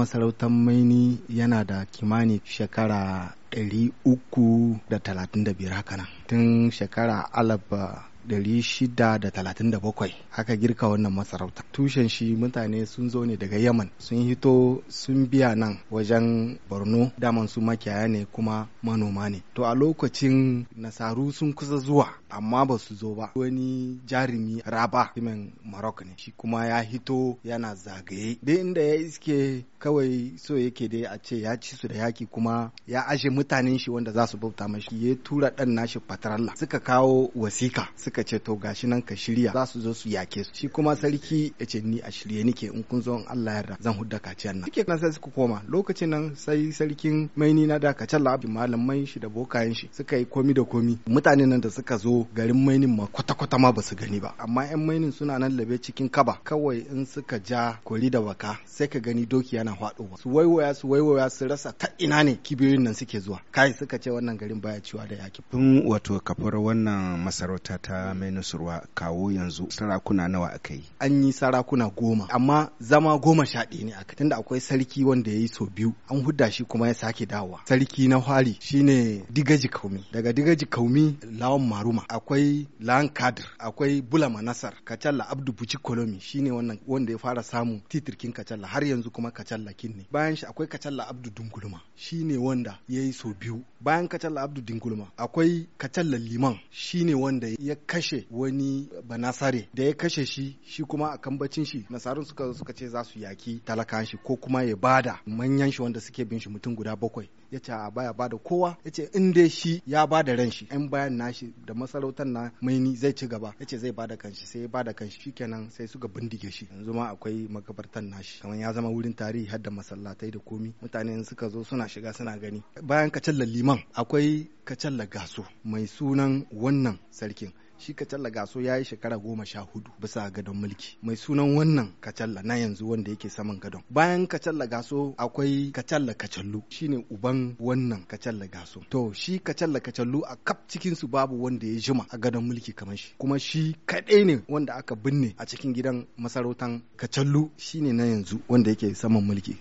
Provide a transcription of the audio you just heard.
Masarautar Maini yana da kimani shekara 335 haka nan. Tun shekara alaba 637 aka girka wannan masarauta tushen shi mutane sun zo ne daga yaman sun hito sun biya nan wajen borno daman su makiyaya ne kuma manoma ne to a lokacin nasaru sun kusa zuwa amma ba su zo ba wani jarumi raba himen marok ne shi kuma ya hito yana zagaye dai inda ya iske kawai so yake dai a ce ya ci su da yaki kuma ya ashe mutanen shi wanda za su bauta mashi ya tura dan nashi fataralla suka kawo wasika suka suka ce to gashi nan ka shirya za su zo su yake su shi kuma sarki ya ce ni a shirye nike in kun zo in Allah yarda zan hudda kaciyar nan kike nan sai suka koma lokacin nan sai sarkin maini na da kacal labin malamai shi da bokayen shi suka yi komi da komi mutanen nan da suka zo garin mainin ma kwata kwata ma basu gani ba amma yan mainin suna nan labe cikin kaba kawai in suka ja kori da baka sai ka gani doki yana faɗowa su waiwaya su waiwaya su rasa ta ina ne kibirin nan suke zuwa kai suka ce wannan garin baya ciwa da yaki tun wato kafar wannan masarauta ta mai Nusurwa kawo yanzu sarakuna nawa aka yi. An yi sarakuna goma amma zama goma sha ɗaya ne aka tunda akwai sarki wanda ya yi so biyu an hudda shi kuma ya sake dawowa. Sarki na hwari shine Digaji Kaumi daga Digaji Kaumi Lawan Maruma akwai lawan Kadir akwai Bulama Nasar Kacalla Abdu Buci Kolomi shine wannan wanda ya fara samun titirkin Kacalla har yanzu kuma Kacalla kin ne. Bayan shi akwai Kacalla Abdu Dungulma shine wanda ya yi so biyu bayan Kacalla Abdu Dungulma akwai Kacalla Liman shine wanda ya kashe wani banasare da ya kashe shi shi kuma a kambacin shi nasarun suka suka ce za su yaki talakan shi ko kuma ya bada manyan shi wanda suke bin shi mutum guda bakwai ya ce a baya bada kowa ya ce in dai shi ya bada ran shi yan bayan nashi da masarautar na maini zai ci gaba ya ce zai bada kanshi sai ya bada kanshi shikenan sai suka bindige shi yanzu ma akwai makabartan nashi kamar ya zama wurin tarihi har da masallatai da komi mutane suka zo suna shiga suna gani bayan kacallar liman akwai kacalla gaso mai sunan wannan sarkin shi kacalla gaso ya yi shekara goma sha hudu bisa gadon mulki mai sunan wannan kacalla na yanzu wanda yake saman gadon bayan kacalla gaso akwai kacalla kacallu shine uban wannan kacalla gaso to shi kacalla kacallu a kaf cikin su babu wanda ya jima a gadon mulki kamar shi kuma shi kadai ne wanda aka binne a cikin gidan masarautan kacallu shine na yanzu wanda yake saman mulki